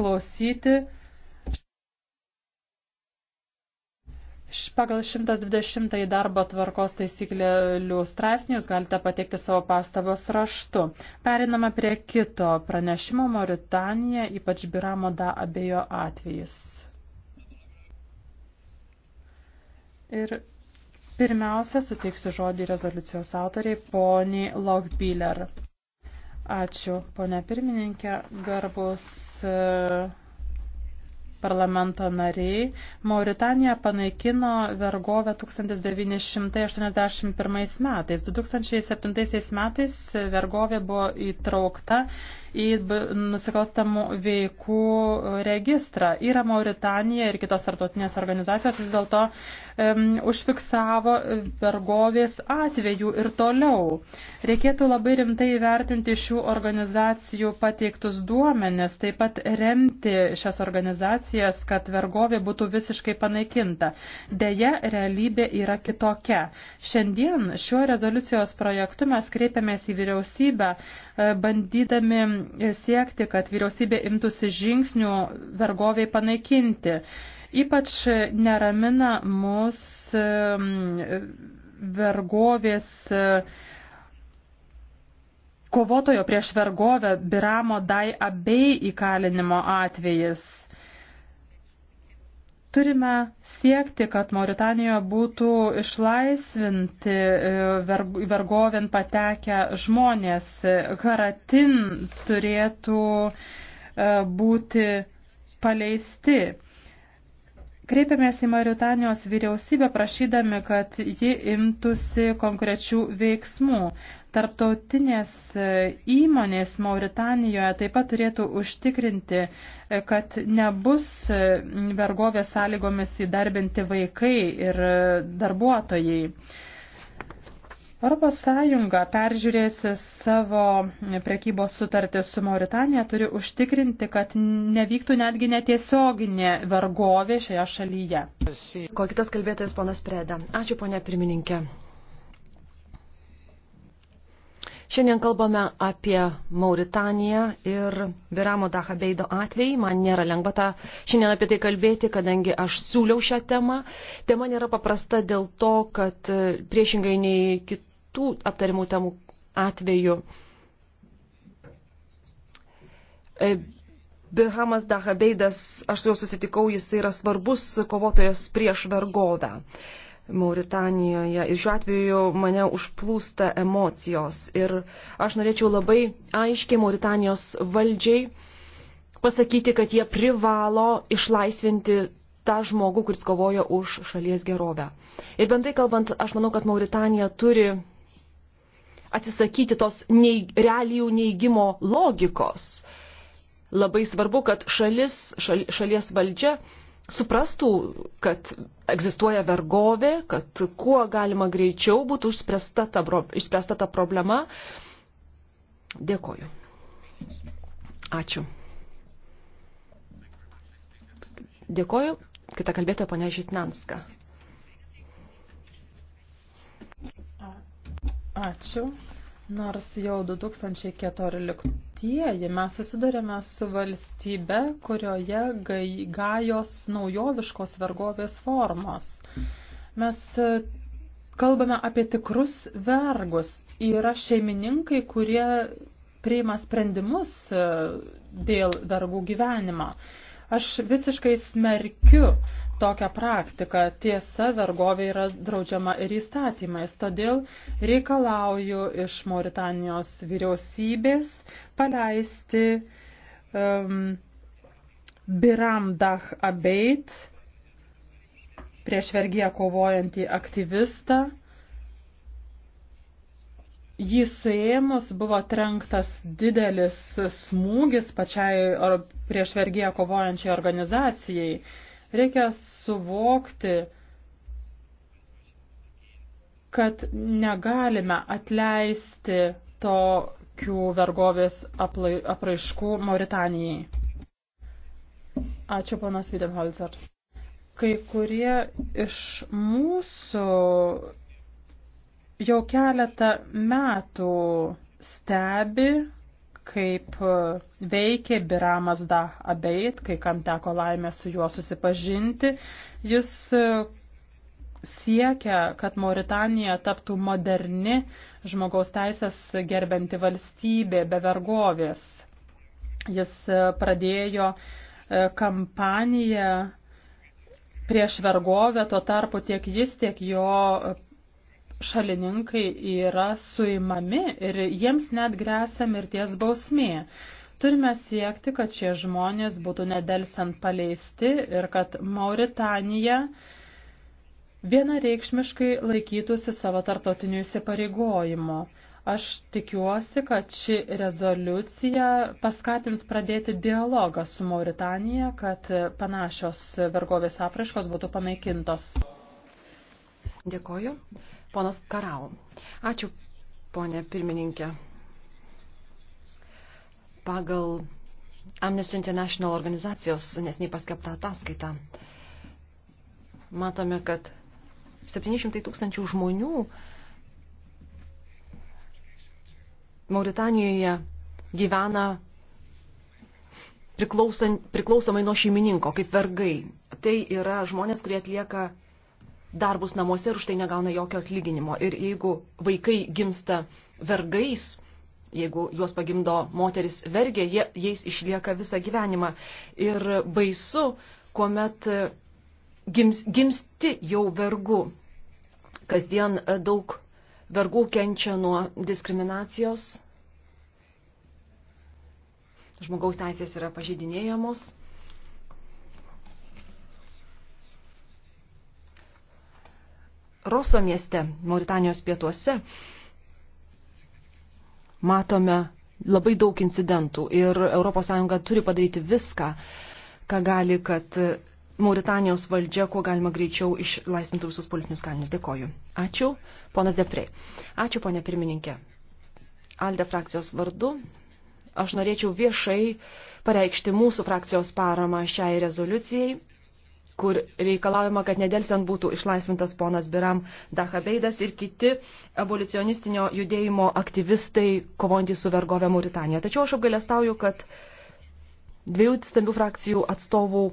klausyti pagal 120 darbo tvarkos taisyklėlių straipsnį jūs galite pateikti savo pastabos raštu. Periname prie kito pranešimo Mauritanija, ypač Biramo da abejo atvejis. Ir pirmiausia, suteiksiu žodį rezoliucijos autoriai poniai Logbiller. Ačiū, ponia pirmininkė, garbus e, parlamento nariai. Mauritanija panaikino vergovę 1981 metais. 2007 metais vergovė buvo įtraukta į nusikalstamų veikų registrą. Yra Mauritanija ir kitos tarptautinės organizacijos vis dėlto um, užfiksavo e, vergovės atvejų ir toliau. Reikėtų labai rimtai įvertinti šių organizacijų pateiktus duomenis, taip pat remti šias organizacijas, kad vergovė būtų visiškai panaikinta. Deja, realybė yra kitokia. Šiandien šiuo rezoliucijos projektu mes kreipiamės į vyriausybę, e, bandydami siekti, kad vyriausybė imtųsi žingsnių vergoviai panaikinti. Ypač neramina mus um, vergovės kovotojo prieš vergovę Biramo Dai Abei įkalinimo atvejis. Turime siekti, kad Mauritanijoje būtų išlaisvinti e, vergovin patekę žmonės. Karatin turėtų e, būti paleisti. Kreipiamės į Mauritanijos vyriausybę prašydami, kad ji imtųsi konkrečių veiksmų. Tarptautinės e, įmonės Mauritanijoje taip pat turėtų užtikrinti, e, kad nebus e, vergovės sąlygomis įdarbinti vaikai ir darbuotojai. Europos Sąjunga peržiūrėsi savo prekybos sutartį su Mauritanija turi užtikrinti, kad nevyktų netgi netiesioginė vergovė šioje šalyje. Ko kitas kalbėtojas ponas Preda. Ačiū ponia pirmininkė. Šiandien kalbame apie Mauritaniją ir Biramo Dahabeido atvejį. Man nėra lengva tą šiandien apie tai kalbėti, kadangi aš siūliau šią temą. Tema nėra paprasta dėl to, kad priešingai nei kitų kitų aptarimų temų atveju. E, Bihamas Dahabeidas, aš su juo susitikau, jis yra svarbus kovotojas prieš vergovę Mauritanijoje. Ir šiuo atveju mane užplūsta emocijos. Ir aš norėčiau labai aiškiai Mauritanijos valdžiai pasakyti, kad jie privalo išlaisvinti tą žmogų, kuris kovoja už šalies gerovę. Ir bendrai kalbant, aš manau, kad Mauritanija turi atsisakyti tos nei, realijų neigimo logikos. Labai svarbu, kad šalis, šal, šalies valdžia suprastų, kad egzistuoja vergovė, kad kuo galima greičiau būtų išspręsta ta, išspręsta ta problema. Dėkoju. Ačiū. Dėkoju. Kita kalbėtoja ponia Žitnanska. Ačiū. Nors jau 2014-ieji mes susidarėme su valstybe, kurioje gajos naujoviškos vergovės formos. Mes e, kalbame apie tikrus vergus. Yra šeimininkai, kurie priima sprendimus e, dėl vergų gyvenimo. Aš visiškai smerkiu uh, tokią praktiką. Tiesa, vergovė yra draudžiama ir įstatymais, todėl reikalauju iš Mauritanijos vyriausybės paleisti um, Biram Dah Abeit prieš vergiją kovojantį aktyvistą. Jį suėmus buvo trenktas didelis smūgis pačiai prieš vergiją kovojančiai organizacijai. Reikia suvokti, kad negalime atleisti tokių vergovės apraiškų Mauritanijai. Ačiū, ponas Videnholzer. Kai kurie iš mūsų jau keletą metų stebi kaip e, veikė Biramas Da Abeit, kai kam teko laimę su juo susipažinti. Jis e, siekia, kad Mauritanija taptų moderni žmogaus teisės gerbenti valstybė be vergovės. Jis e, pradėjo kampaniją prieš vergovę, tuo tarpu tiek jis, tiek jo šalininkai yra suimami ir jiems net grėsia mirties bausmė. Turime siekti, kad šie žmonės būtų nedelsiant paleisti ir kad Mauritanija vienareikšmiškai laikytųsi savo tartotinių įsipareigojimų. Aš tikiuosi, kad ši rezoliucija paskatins pradėti dialogą su Mauritanija, kad panašios vergovės apraiškos būtų panaikintos. Dėkoju. Ponas Karau. Ačiū, ponė pirmininkė. Pagal Amnesty International organizacijos nesnei paskelbtą ataskaitą matome, kad 700 tūkstančių žmonių Mauritanijoje gyvena priklausomai nuo šeimininko, kaip vergai. Tai yra žmonės, kurie atlieka darbus namuose ir už tai negauna jokio atlyginimo. Ir jeigu vaikai gimsta vergais, jeigu juos pagimdo moteris vergė, jie, jais išlieka visą gyvenimą. Ir baisu, kuomet e, gims, gimsti jau vergu. Kasdien e, daug vergų kenčia nuo diskriminacijos. Žmogaus teisės yra pažeidinėjamos. Roso mieste, Mauritanijos pietuose, matome labai daug incidentų ir ES turi padaryti viską, ką gali, kad Mauritanijos valdžia kuo galima greičiau išlaisvintų visus politinius kalinius. Dėkoju. Ačiū, ponas Deprei. Ačiū, ponė pirmininkė. Alde frakcijos vardu. Aš norėčiau viešai pareikšti mūsų frakcijos paramą šiai rezoliucijai kur reikalaujama, kad nedelsiant būtų išlaisvintas ponas Biram Dahabeidas ir kiti abolicionistinio judėjimo aktyvistai kovojantys su vergovė Mauritanija. Tačiau aš apgailestauju, kad dviejų stambių frakcijų atstovų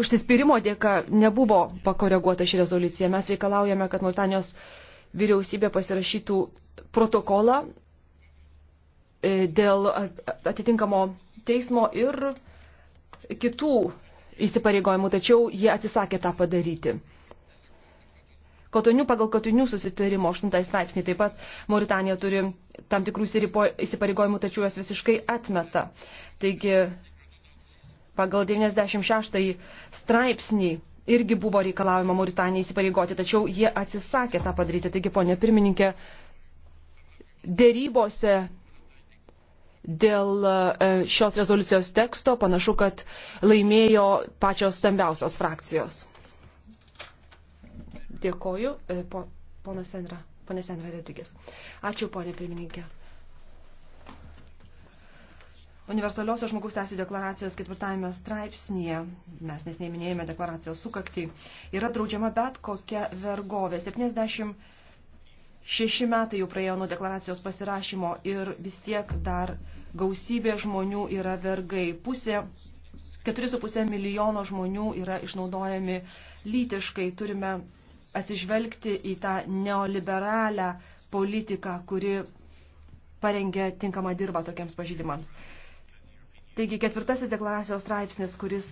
užsispyrimo dėka nebuvo pakoreguota ši rezoliucija. Mes reikalaujame, kad Mauritanijos vyriausybė pasirašytų protokolą e, dėl atitinkamo teismo ir kitų įsipareigojimų, tačiau jie atsisakė tą padaryti. Kotonių pagal Kotonių susitarimo 8 straipsnį taip pat Mauritanija turi tam tikrų įsipareigojimų, tačiau jas visiškai atmeta. Taigi pagal 96 straipsnį irgi buvo reikalavimo Mauritanija įsipareigoti, tačiau jie atsisakė tą padaryti. Taigi, ponė pirmininkė, dėrybose dėl e, šios rezoliucijos teksto panašu, kad laimėjo pačios stambiausios frakcijos. Dėkoju, e, po, ponas Senra, ponas Senra Redrigės. Ačiū, ponė pirmininkė. Universaliosios žmogaus teisų deklaracijos ketvirtajame straipsnėje, mes nesneiminėjame deklaracijos sukakti, yra draudžiama bet kokia vergovė. 70 Šeši metai jau praėjo nuo deklaracijos pasirašymo ir vis tiek dar gausybė žmonių yra vergai. Pusė, 4,5 milijono žmonių yra išnaudojami lytiškai. Turime atsižvelgti į tą neoliberalią politiką, kuri parengė tinkamą dirbą tokiems pažydimams. Taigi ketvirtasis deklaracijos straipsnis, kuris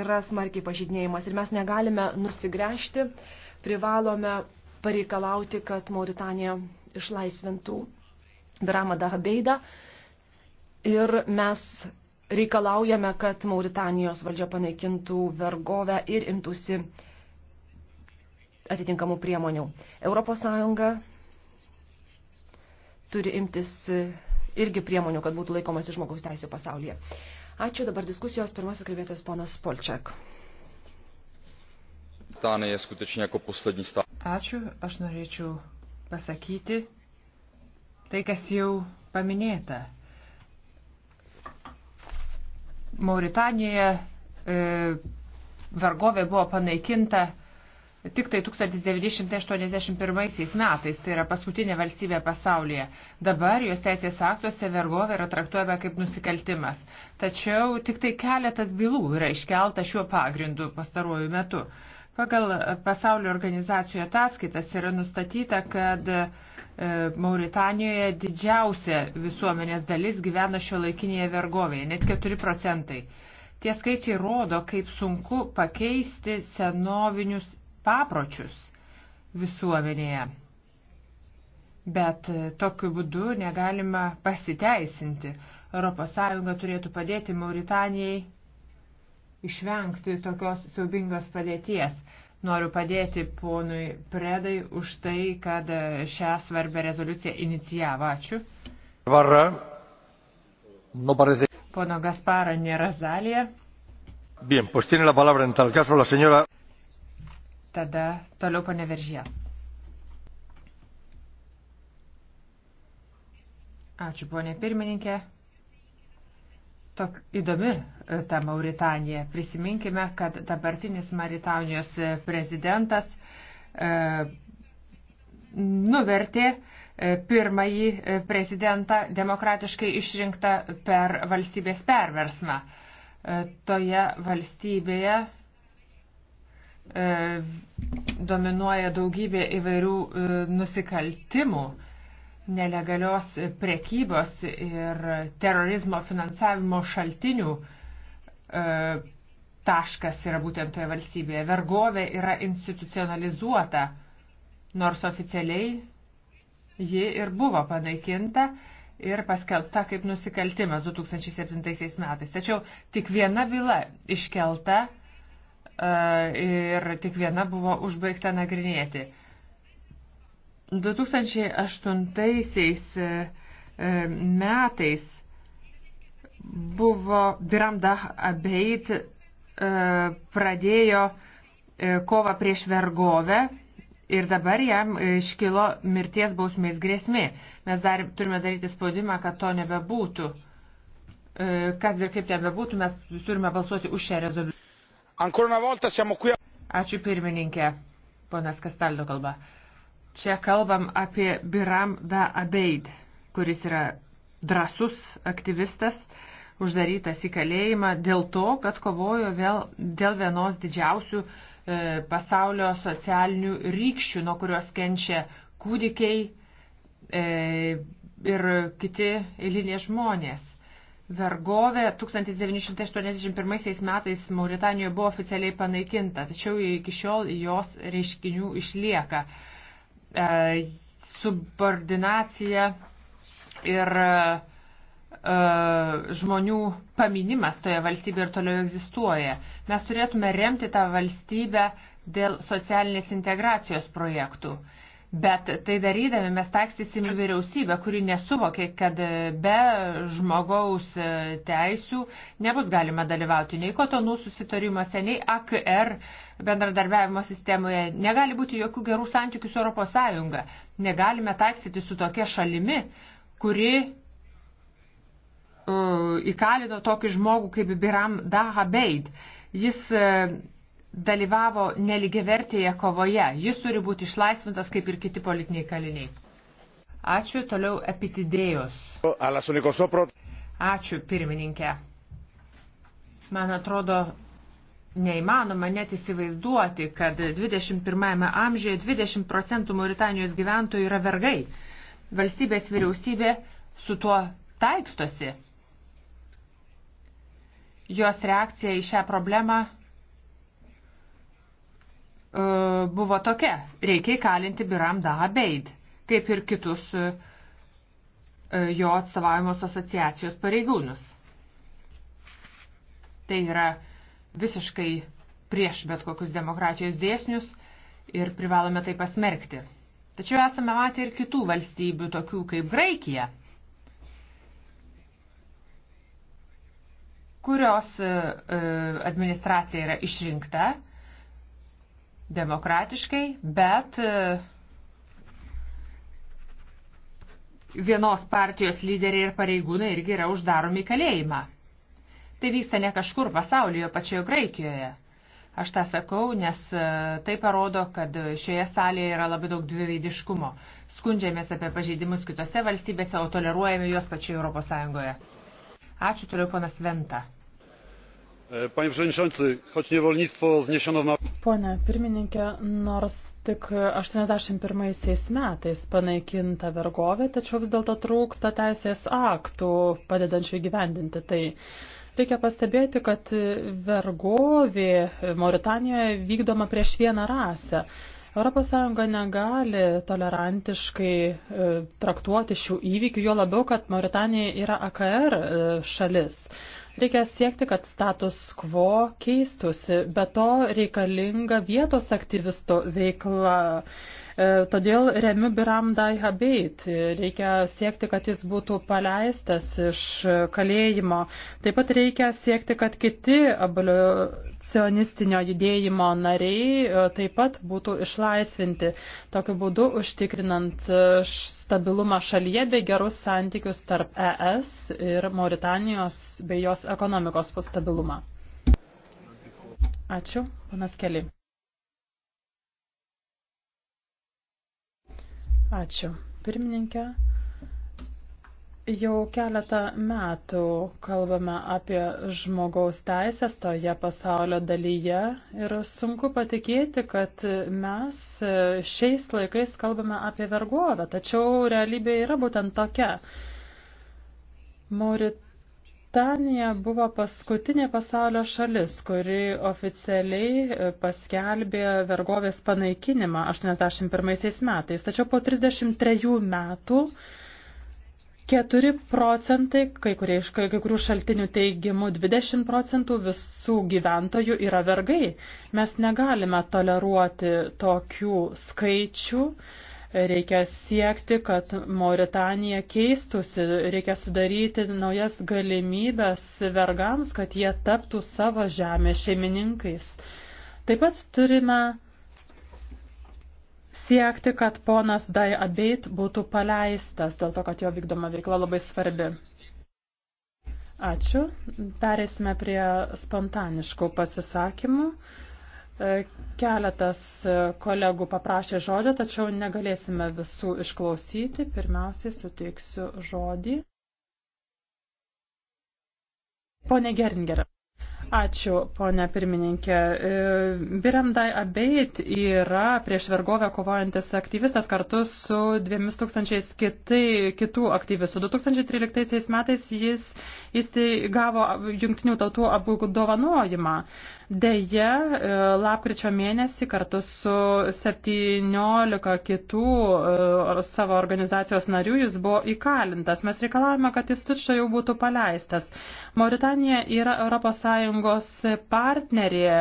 yra smarkiai pažydinėjimas ir mes negalime nusigręžti, privalome pareikalauti, kad Mauritanija išlaisvintų Dramą Dahabeidą. Ir mes reikalaujame, kad Mauritanijos valdžia panaikintų vergovę ir imtųsi atitinkamų priemonių. ES turi imtis irgi priemonių, kad būtų laikomasi žmogaus teisų pasaulyje. Ačiū dabar diskusijos. Pirmasis kalbėtas ponas Polčiak. Británie je skutečně jako poslední stát. Ačiū, aš norėčiau pasakyti tai, kas jau paminėta. Mauritanijoje e, vargovė buvo panaikinta tik tai 1981 metais, tai yra paskutinė valstybė pasaulyje. Dabar jos teisės aktuose vergovė yra traktuojama kaip nusikaltimas. Tačiau tik tai keletas bylų yra iškelta šiuo pagrindu pastaruoju metu. Pagal pasaulio organizacijų ataskaitas yra nustatyta, kad e, Mauritanijoje didžiausia visuomenės dalis gyvena šio laikinėje vergovėje, net 4 procentai. Tie skaičiai rodo, kaip sunku pakeisti senovinius papročius visuomenėje. Bet e, tokiu būdu negalima pasiteisinti. ES turėtų padėti Mauritanijai išvengti tokios siaubingos padėties. Noriu padėti ponui Predai už tai, kad šią svarbę rezoliuciją inicijavo. Ačiū. Varra. No parece. Pono Gasparo nėra salėje. Bien, pues tiene la palabra en tal caso la señora. Tada toliau ponė Veržė. Ačiū, ponė pirmininkė tok įdomi e, ta Mauritanija. Prisiminkime, kad dabartinis Mauritanijos e, prezidentas e, nuvertė e, pirmąjį prezidentą demokratiškai išrinktą per valstybės perversmą. E, toje valstybėje e, dominuoja daugybė įvairių e, nusikaltimų. E, nelegalios prekybos ir terorizmo finansavimo šaltinių e, taškas yra būtent toje valstybėje. Vergovė yra institucionalizuota, nors oficialiai ji ir buvo panaikinta ir paskelbta kaip nusikaltimas 2007 metais. Tačiau tik viena byla iškelta e, ir tik viena buvo užbaigta nagrinėti. 2008 e, e, metais buvo Biramdah Abeit e, pradėjo kovą prieš vergovę ir dabar jam iškilo mirties bausmės grėsmė. Mes dar turime daryti spaudimą, kad to nebebūtų. Kas ir kaip ten bebūtų, mes turime balsuoti už šią rezoliuciją. Ačiū pirmininkė, ponas Kastaldo kalba. Čia kalbam apie Biram Da Abeid, kuris yra drasus aktyvistas, uždarytas į kalėjimą dėl to, kad kovojo vėl dėl vienos didžiausių e, pasaulio socialinių rykščių, nuo kurios kenčia kūdikiai e, ir kiti eiliniai žmonės. Vergovė 1981 metais Mauritanijoje buvo oficialiai panaikinta, tačiau iki šiol jos reiškinių išlieka. E, E, subordinacija ir e, žmonių paminimas toje valstybėje ir toliau egzistuoja. Mes turėtume remti tą valstybę dėl socialinės integracijos projektų. Bet tai darydami mes taksysim vyriausybę, kuri nesuvokė, kad be žmogaus e, teisių nebus galima dalyvauti nei kotonų susitarimuose, nei AKR bendradarbiavimo sistemoje. Negali būti jokių gerų santykių su Europos Sąjunga. Negalime taksyti su tokia šalimi, kuri uh, įkalino tokį žmogų kaip Biram Dahabeid. Jis uh, dalyvavo neligiavertėje kovoje. Jis turi būti išlaisvintas kaip ir kiti politiniai kaliniai. Ačiū, toliau epitidėjos. Ačiū, pirmininkė. Man atrodo, neįmanoma net įsivaizduoti, kad 21 amžiuje 20 procentų Mauritanijos gyventojų yra vergai. Valstybės vyriausybė su tuo taikstosi. Jos reakcija į šią problemą buvo tokia. Reikia įkalinti Biram Dahabeid, kaip ir kitus e, e, jo atstovavimos asociacijos pareigūnus. Tai yra visiškai prieš bet kokius demokratijos dėsnius ir privalome tai pasmerkti. Tačiau esame matę ir kitų valstybių, tokių kaip Graikija, kurios e, administracija yra išrinkta demokratiškai, bet e, vienos partijos lyderiai ir pareigūnai irgi yra uždaromi į kalėjimą. Tai vyksta ne kažkur pasaulyje, pačioje Graikijoje. Aš tą sakau, nes e, tai parodo, kad šioje salėje yra labai daug dviveidiškumo. Skundžiamės apie pažeidimus kitose valstybėse, o toleruojame juos pačioje Europos Sąjungoje. Ačiū toliau, ponas Venta. E, panie Przewodniczący, choć niewolnictwo zniesiono w Maroku. Pone pirmininkė, nors tik 81 metais panaikinta vergovė, tačiau vis dėlto trūksta teisės aktų padedančių įgyvendinti tai. Reikia pastebėti, kad vergovė Mauritanijoje vykdoma prieš vieną rasę. ES negali tolerantiškai e, traktuoti šių įvykių, jo labiau, kad Mauritanija yra AKR e, šalis. Reikia siekti, kad status quo keistusi, be to reikalinga vietos aktyvisto veikla. E, todėl remiu Biram Daihabeit. Reikia siekti, kad jis būtų paleistas iš kalėjimo. Taip pat reikia siekti, kad kiti abolicionistinio judėjimo nariai e, taip pat būtų išlaisvinti. Tokiu būdu užtikrinant e, stabilumą šalyje bei gerus santykius tarp ES ir Mauritanijos bei jos ekonomikos stabilumą. Ačiū, panas Keli. Ačiū. Pirmininkė. Jau keletą metų kalbame apie žmogaus teisės toje pasaulio dalyje ir sunku patikėti, kad mes šiais laikais kalbame apie vergovę, tačiau realybė yra būtent tokia. Maurit Britanija buvo paskutinė pasaulio šalis, kuri oficialiai e, paskelbė vergovės panaikinimą 81 metais. Tačiau po 33 metų 4 procentai, kai, kurie, kai kurių šaltinių teigimų 20 procentų visų gyventojų yra vergai. Mes negalime toleruoti tokių skaičių. Uh, Reikia siekti, kad Mauritanija keistusi, reikia sudaryti naujas galimybės vergams, kad jie taptų savo žemę šeimininkais. Taip pat turime siekti, kad ponas Dai Abeit būtų paleistas, dėl to, kad jo vykdoma veikla labai svarbi. Ačiū. Perėsime prie spontaniškų pasisakymų. E, keletas e, kolegų paprašė žodžio, tačiau negalėsime visų išklausyti. Pirmiausiai suteiksiu žodį. Pone Geringerė. Ačiū, ponė pirmininkė. E, Biremdai Abeit yra prieš vergovę kovojantis aktyvistas kartu su 2000 kitai, kitų aktyvistų. 2013 metais jis įsteigavo jungtinių tautų apdovanojimą. Deja, e, lapkričio mėnesį kartu su 17 kitų e, savo organizacijos narių jis buvo įkalintas. Mes reikalavome, kad jis tučia jau būtų paleistas. Mauritanija yra ES partnerė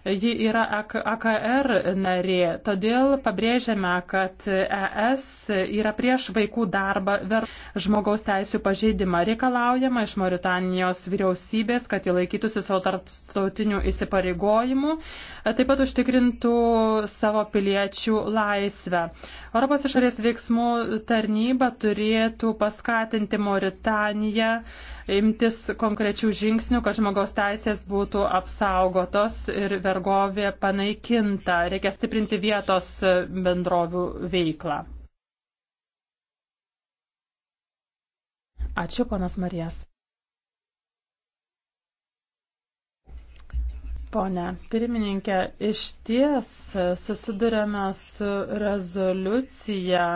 Ji yra AKR narė, todėl pabrėžiame, kad ES yra prieš vaikų darbą ver žmogaus teisų pažeidimą. Reikalaujama iš Mauritanijos vyriausybės, kad jį laikytųsi savo tarptautinių įsipareigojimų, taip pat užtikrintų savo piliečių laisvę. Europos išorės veiksmų tarnyba turėtų paskatinti Mauritaniją imtis konkrečių žingsnių, kad žmogaus teisės būtų apsaugotos ir vergovė panaikinta. Reikia stiprinti vietos bendrovių veiklą. Ačiū, ponas Marijas. Pone pirmininkė, iš ties susidurėme su rezoliucija,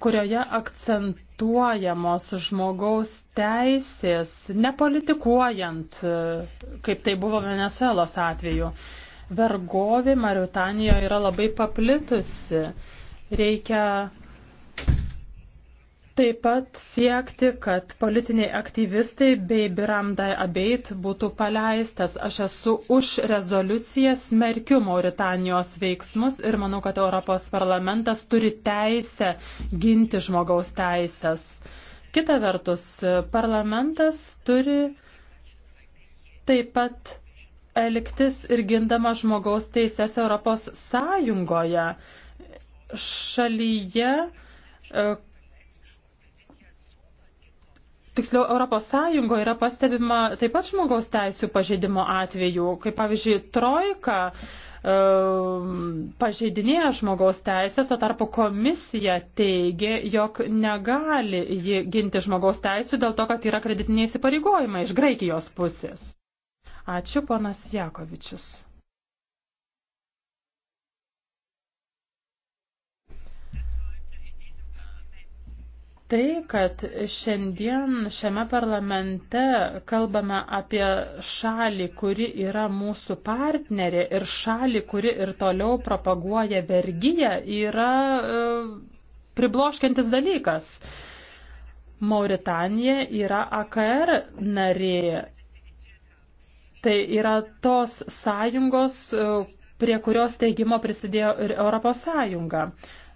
kurioje akcentuojamos žmogaus teisės, nepolitikuojant, e, kaip tai buvo Venezuelos atveju. Vergovė Maritanijoje yra labai paplitusi. Reikia Taip pat siekti, kad politiniai aktyvistai bei Biramdai Abeit būtų paleistas. Aš esu už rezoliuciją, smerkiu Mauritanijos veiksmus ir manau, kad Europos parlamentas turi teisę ginti žmogaus teisės. Kita vertus, parlamentas turi taip pat elgtis ir gindama žmogaus teises Europos Sąjungoje šalyje tiksliau Europos Sąjungoje yra pastebima taip pat žmogaus teisų pažeidimo atvejų, kaip pavyzdžiui Trojka e, ehm, pažeidinėja žmogaus teisės, o tarpu komisija teigia, jog negali ji ginti žmogaus teisų dėl to, kad yra kreditiniai įsipareigojimai iš Graikijos pusės. Ačiū, ponas Jakovičius. Tai, kad šiandien šiame parlamente kalbame apie šalį, kuri yra mūsų partnerė ir šalį, kuri ir toliau propaguoja vergyją, yra e, pribloškiantis dalykas. Mauritanija yra AKR narė. Tai yra tos sąjungos, e, prie kurios teigimo prisidėjo ir Europos sąjunga.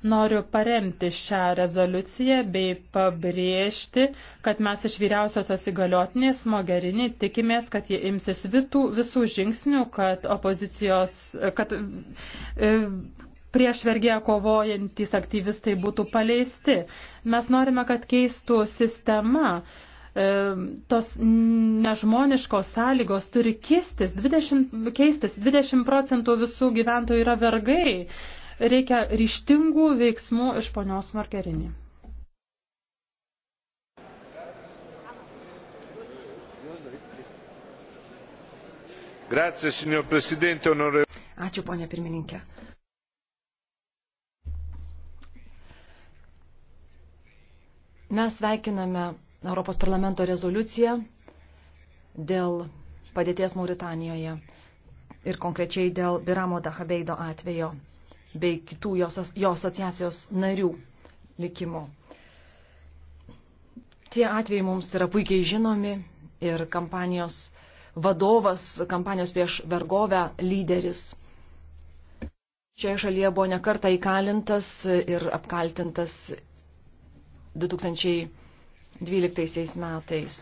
Noriu paremti šią rezoliuciją bei pabrėžti, kad mes iš vyriausiosios įgaliotinės Mogerini tikimės, kad jie imsis vitų, visų žingsnių, kad opozicijos, kad e, prieš vergėją kovojantys aktyvistai būtų paleisti. Mes norime, kad keistų sistema. E, tos nežmoniškos sąlygos turi kistis, 20, keistis. 20 procentų visų gyventojų yra vergai. Reikia ryštingų veiksmų iš ponios Margerinį. Grazie, signor Presidente, onore... Ačiū, ponė pirmininkė. Mes sveikiname Europos parlamento rezoliuciją dėl padėties Mauritanijoje ir konkrečiai dėl Biramo Dahabeido atvejo bei kitų jo, jo asociacijos narių likimu. Tie atvejai mums yra puikiai žinomi ir kampanijos vadovas, kampanijos prieš vergovę lyderis. Šioje šalyje buvo nekarta įkalintas ir apkaltintas 2012 metais.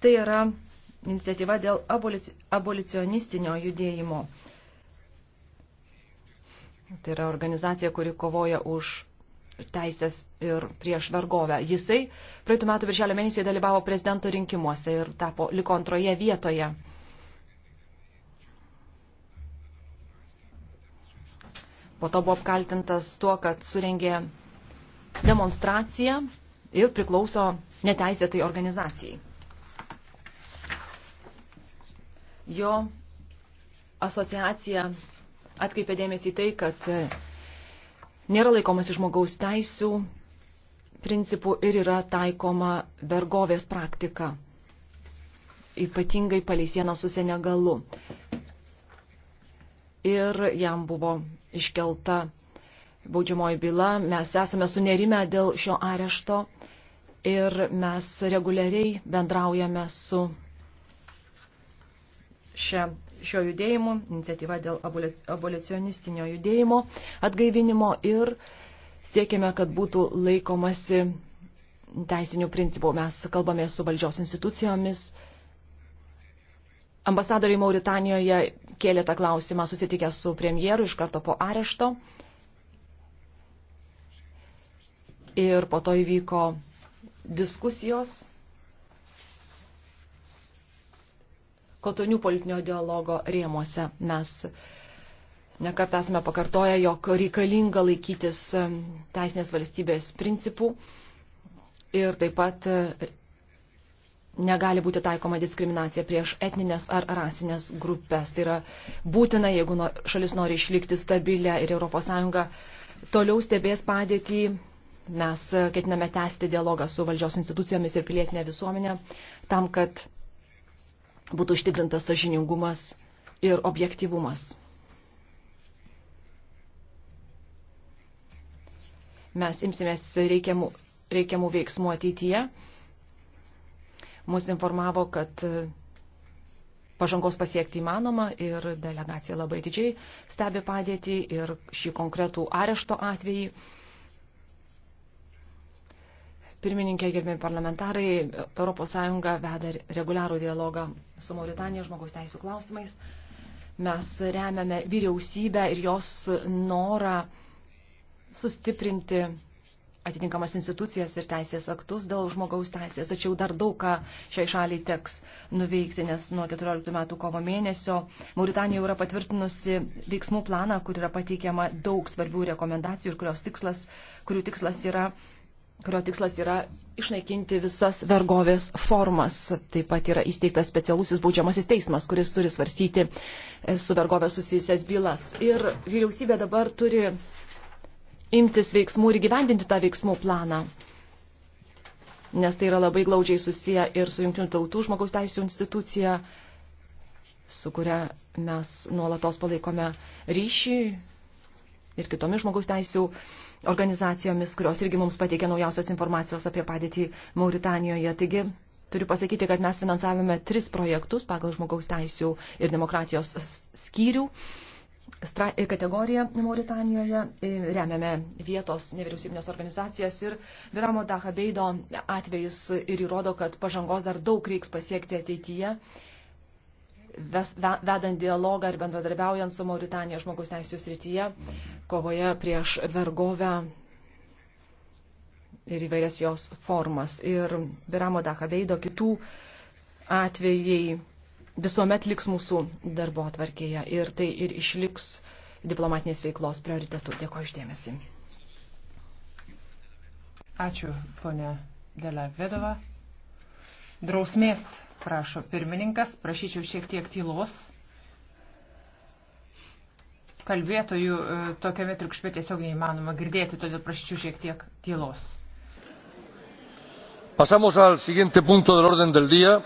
Tai yra iniciatyva dėl abolicionistinio judėjimo Tai yra organizacija, kuri kovoja už teisės ir prieš vergovę. Jisai praeitų metų birželio mėnesį dalyvavo prezidento rinkimuose ir tapo liko antroje vietoje. Po to buvo apkaltintas tuo, kad surengė demonstraciją ir priklauso neteisėtai organizacijai. Jo asociacija atkreipė dėmesį į tai, kad e, nėra laikomasi žmogaus teisų principų ir yra taikoma vergovės praktika, ypatingai palei sieną su Senegalu. Ir jam buvo iškelta baudžiamoji byla, mes esame sunerime dėl šio arešto ir mes reguliariai bendraujame su šia šio judėjimo, iniciatyva dėl abolicionistinio judėjimo atgaivinimo ir siekime, kad būtų laikomasi teisinių principų. Mes kalbame su valdžios institucijomis. Ambasadoriai Mauritanijoje kėlė tą klausimą susitikę su premjeru iš karto po arešto. Ir po to įvyko diskusijos kotonių politinio dialogo rėmuose. Mes nekart esame pakartoję, jog reikalinga laikytis teisinės valstybės principų ir taip pat e, negali būti taikoma diskriminacija prieš etninės ar rasinės grupės. Tai yra būtina, jeigu šalis nori išlikti stabilę ir ES toliau stebės padėtį. Mes e, ketiname tęsti dialogą su valdžios institucijomis ir pilietinė visuomenė tam, kad būtų užtikrintas sažiningumas ir objektyvumas. Mes imsimės reikiamų, reikiamų veiksmų ateityje. Mūsų informavo, kad pažangos pasiekti įmanoma ir delegacija labai didžiai stebi padėtį ir šį konkretų arešto atvejį. Pirmininkė, gerbėjai parlamentarai, ES veda reguliarų dialogą su Mauritanija žmogaus teisų klausimais. Mes remiame vyriausybę ir jos norą sustiprinti atitinkamas institucijas ir teisės aktus dėl žmogaus teisės. Tačiau dar daug ką šiai šaliai teks nuveikti, nes nuo 14 metų kovo mėnesio Mauritanija yra patvirtinusi veiksmų planą, kur yra pateikiama daug svarbių rekomendacijų ir kurios tikslas, kurių tikslas yra kurio tikslas yra išnaikinti visas vergovės formas. Taip pat yra įsteigtas specialusis baudžiamasis teismas, kuris turi svarstyti e, su vergovės susijusias bylas. Ir vyriausybė dabar turi imtis veiksmų ir gyvendinti tą veiksmų planą, nes tai yra labai glaudžiai susiję ir su Junktinių tautų žmogaus teisų institucija, su kuria mes nuolatos palaikome ryšį ir kitomis žmogaus teisų institucijomis organizacijomis, kurios irgi mums pateikė naujausios informacijos apie padėtį Mauritanijoje. Taigi, turiu pasakyti, kad mes finansavome tris projektus pagal žmogaus teisų ir demokratijos skyrių kategoriją Mauritanijoje, remiame vietos nevyriausybinės organizacijas ir Viramo Dahabeido atvejis ir įrodo, kad pažangos dar daug reiks pasiekti ateityje ves, vedant dialogą ir bendradarbiaujant su Mauritanijos žmogus teisų srityje, kovoje prieš vergovę ir įvairias jos formas. Ir Biramo Dakabeido kitų atvejai visuomet liks mūsų darbo atvarkėje ir tai ir išliks diplomatinės veiklos prioritetu. Dėkuoju išdėmesi. Ačiū, ponė Delevedova. Drausmės prašo pirmininkas, prašyčiau šiek tiek tylos. Kalbėtojų e, tokiame triukšme tiesiog neįmanoma girdėti, todėl prašyčiau šiek tiek tylos. Pasamos al siguiente punto del orden del día.